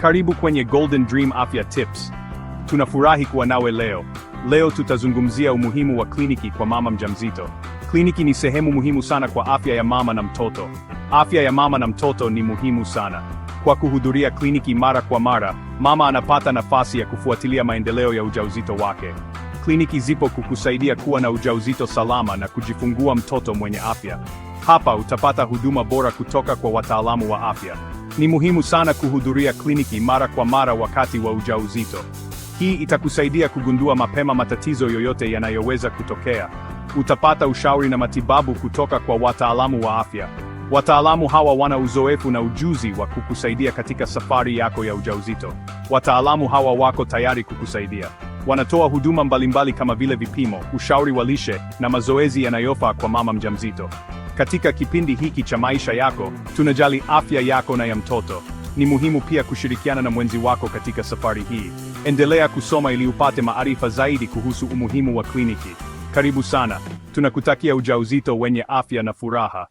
Karibu kwenye Golden Dream Afya Tips. Tunafurahi kuwa nawe leo. Leo tutazungumzia umuhimu wa kliniki kwa mama mjamzito. Kliniki ni sehemu muhimu sana kwa afya ya mama na mtoto. Afya ya mama na mtoto ni muhimu sana. Kwa kuhudhuria kliniki mara kwa mara, mama anapata nafasi ya kufuatilia maendeleo ya ujauzito wake. Kliniki zipo kukusaidia kuwa na ujauzito salama na kujifungua mtoto mwenye afya. Hapa utapata huduma bora kutoka kwa wataalamu wa afya. Ni muhimu sana kuhudhuria kliniki mara kwa mara wakati wa ujauzito. Hii itakusaidia kugundua mapema matatizo yoyote yanayoweza kutokea. Utapata ushauri na matibabu kutoka kwa wataalamu wa afya. Wataalamu hawa wana uzoefu na ujuzi wa kukusaidia katika safari yako ya ujauzito. Wataalamu hawa wako tayari kukusaidia. Wanatoa huduma mbalimbali kama vile vipimo, ushauri wa lishe na mazoezi yanayofaa kwa mama mjamzito. Katika kipindi hiki cha maisha yako, tunajali afya yako na ya mtoto. Ni muhimu pia kushirikiana na mwenzi wako katika safari hii. Endelea kusoma ili upate maarifa zaidi kuhusu umuhimu wa kliniki. Karibu sana. Tunakutakia ujauzito wenye afya na furaha.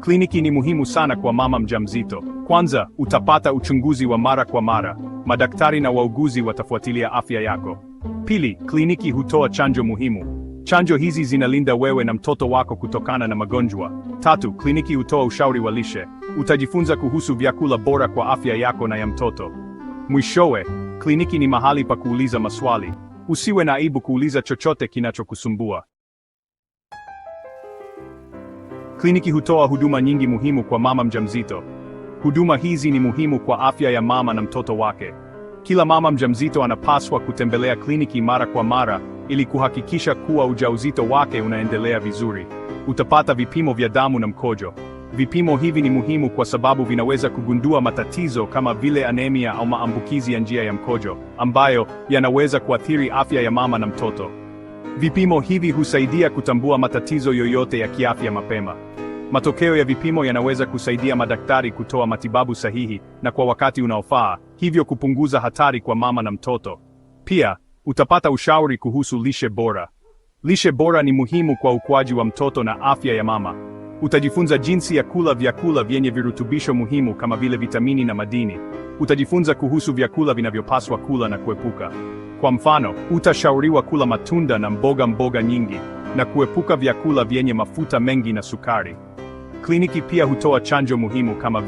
Kliniki ni muhimu sana kwa mama mjamzito. Kwanza, utapata uchunguzi wa mara kwa mara. Madaktari na wauguzi watafuatilia afya yako. Pili, kliniki hutoa chanjo muhimu. Chanjo hizi zinalinda wewe na mtoto wako kutokana na magonjwa. Tatu, kliniki hutoa ushauri wa lishe. Utajifunza kuhusu vyakula bora kwa afya yako na ya mtoto. Mwishowe, kliniki ni mahali pa kuuliza maswali. Usiwe na aibu kuuliza chochote kinachokusumbua. Kliniki hutoa huduma nyingi muhimu kwa mama mjamzito. Huduma hizi ni muhimu kwa afya ya mama na mtoto wake. Kila mama mjamzito anapaswa kutembelea kliniki mara kwa mara ili kuhakikisha kuwa ujauzito wake unaendelea vizuri. Utapata vipimo vya damu na mkojo. Vipimo hivi ni muhimu kwa sababu vinaweza kugundua matatizo kama vile anemia au maambukizi ya njia ya mkojo, ambayo yanaweza kuathiri afya ya mama na mtoto. Vipimo hivi husaidia kutambua matatizo yoyote ya kiafya mapema. Matokeo ya vipimo yanaweza kusaidia madaktari kutoa matibabu sahihi na kwa wakati unaofaa, hivyo kupunguza hatari kwa mama na mtoto. Pia, Utapata ushauri kuhusu lishe bora. Lishe bora ni muhimu kwa ukuaji wa mtoto na afya ya mama. Utajifunza jinsi ya kula vyakula vyenye virutubisho muhimu kama vile vitamini na madini. Utajifunza kuhusu vyakula vinavyopaswa kula na kuepuka. Kwa mfano, utashauriwa kula matunda na mboga mboga nyingi na kuepuka vyakula vyenye mafuta mengi na sukari. Kliniki pia hutoa chanjo muhimu kama